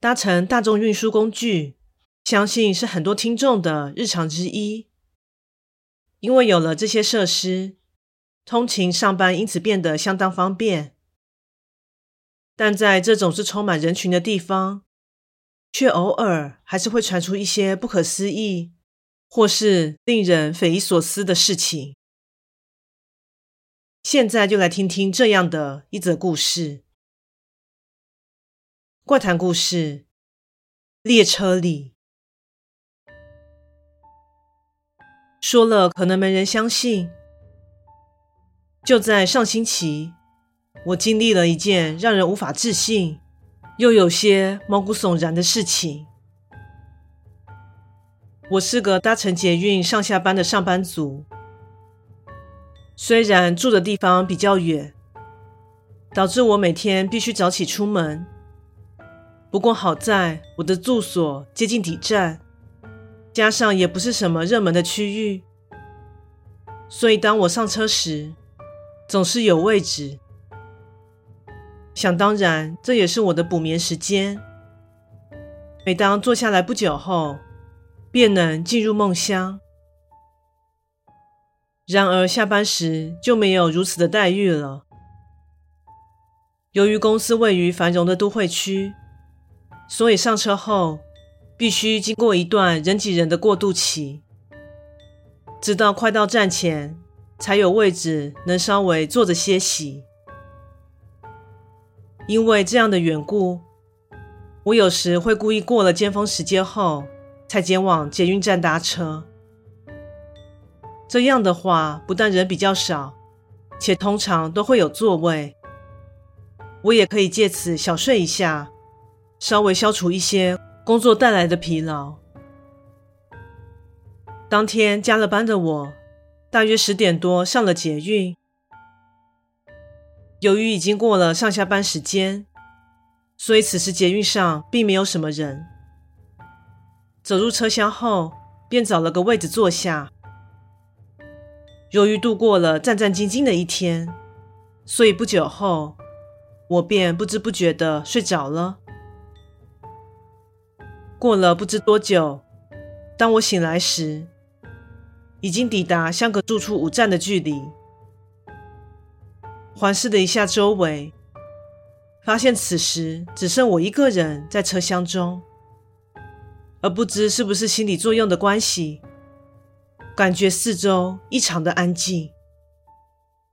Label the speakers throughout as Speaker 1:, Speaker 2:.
Speaker 1: 搭乘大眾運輸工具，相信是很多聽眾的日常之一。因為有了這些設施，通勤上班因此變得相當方便。但在這總是充滿人群的地方，卻偶爾還是會傳出一些不可思議或是令人匪夷所思的事情。現在就來聽聽這樣的一則故事。怪談故事，列車裡。說了，可能沒人相信。就在上星期，我經歷了一件讓人無法置信，又有些毛骨悚然的事情。我是個搭乘捷運上下班的上班族，雖然住的地方比較遠，導致我每天必須早起出門。不過好在我的住所接近底站，加上也不是什麼熱門的區域，所以當我上車時，總是有位置。想當然，這也是我的補眠時間。每當坐下來不久後，便能進入夢鄉。然而下班時就沒有如此的待遇了。由於公司位於繁榮的都會區。所以上車後，必須經過一段人擠人的過渡期，直到快到站前，才有位置能稍微坐着歇息。因為這樣的緣故，我有時會故意過了尖峰時間後，才前往捷運站搭車。這樣的話，不但人比較少，且通常都會有座位，我也可以借此小睡一下。稍微消除一些工作帶來的疲勞。當天加了班的我，大約十點多上了捷運。由於已經過了上下班時間，所以此時捷運上並沒有什麼人。走入車廂後，便找了個位置坐下。由於度過了戰戰兢兢的一天，所以不久後，我便不知不覺的睡着了。過了不知多久，當我醒來時，已經抵達相隔住處五站的距離。環視了一下周圍，發現此時只剩我一個人在車廂中。而不知是不是心理作用的關係，感覺四周異常的安靜，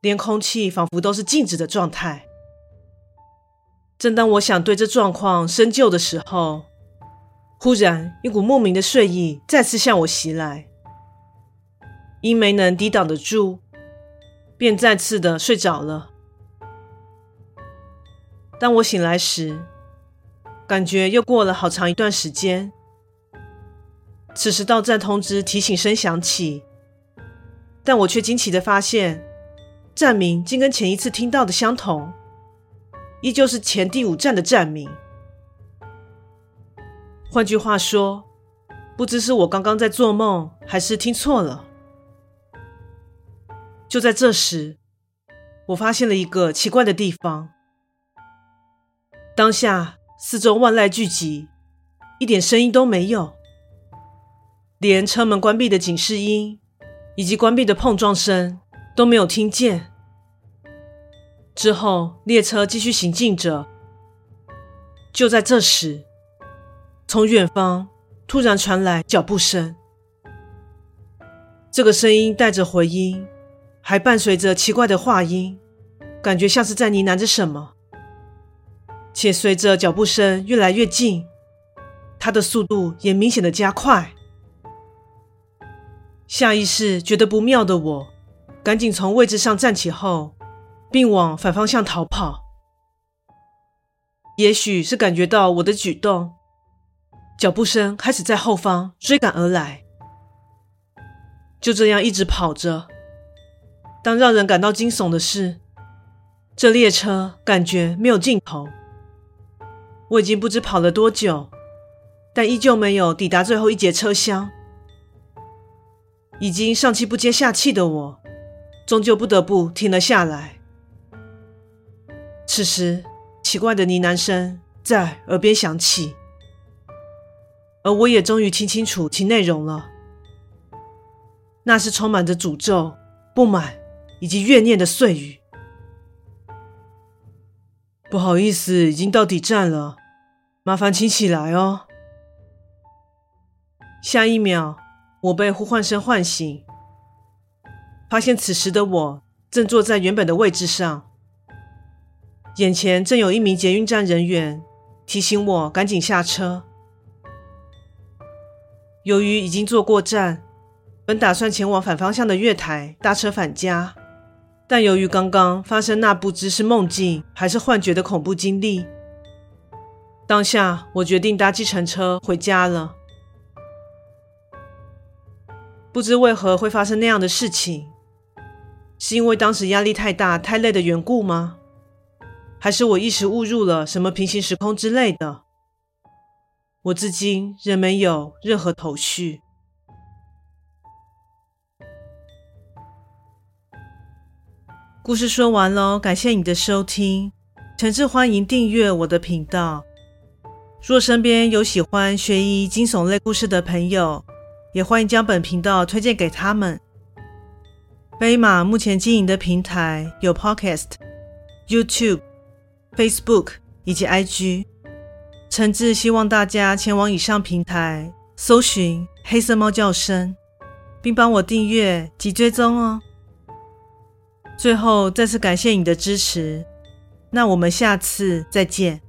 Speaker 1: 連空氣仿佛都是靜止的狀態。正當我想對這狀況深究的時候，忽然，一股莫名的睡意再次向我襲來，因沒能抵擋得住，便再次的睡着了。當我醒來時，感覺又過了好長一段時間。此時到站通知提醒聲響起，但我卻驚奇的發現，站名竟跟前一次聽到的相同，依舊是前第五站的站名。換句話說，不知是我剛剛在做夢，還是聽錯了。就在這時，我發現了一個奇怪的地方。當下四周萬籟俱寂，一點聲音都沒有，連車門關閉的警示音以及關閉的碰撞聲都沒有聽見。之後，列車繼續行進着。就在這時。從遠方突然傳來腳步聲，這個聲音帶着回音，還伴隨着奇怪的話音，感覺像是在呢喃着什麼。且隨着腳步聲越來越近，它的速度也明顯的加快。下意識覺得不妙的我，趕緊從位置上站起後，並往反方向逃跑。也許是感覺到我的舉動。腳步聲開始在後方追趕而來，就這樣一直跑着。當讓人感到驚悚的是，這列車感覺沒有盡頭。我已經不知跑了多久，但依舊沒有抵達最後一節車廂。已經上氣不接下氣的我，終究不得不停了下來。此時，奇怪的呢喃聲在耳邊響起。而我也終於聽清楚其內容了，那是充滿着詛咒、不滿以及怨念的碎語。不好意思，已經到底站了，麻煩請起來哦。下一秒，我被呼喚聲喚醒，發現此時的我正坐在原本的位置上，眼前正有一名捷運站人員提醒我趕緊下車。由於已經坐過站，本打算前往反方向的月台搭車返家，但由於剛剛發生那不知是夢境還是幻覺的恐怖經歷，當下我決定搭計程車回家了。不知為何會發生那樣的事情，是因為當時壓力太大、太累的緣故嗎？還是我一時誤入了什麼平行時空之類的？我至今仍沒有任何頭緒。故事說完嘍，感謝你的收聽，誠摯歡迎訂閱我的頻道。若身邊有喜歡懸疑驚悚類故事的朋友，也歡迎將本頻道推薦給他們。飛馬目前經營的平台有 Podcast、YouTube、Facebook 以及 IG。誠摯希望大家前往以上平台搜尋《黑色貓叫聲》，並幫我訂閱及追蹤哦。最後再次感謝你的支持，那我們下次再見。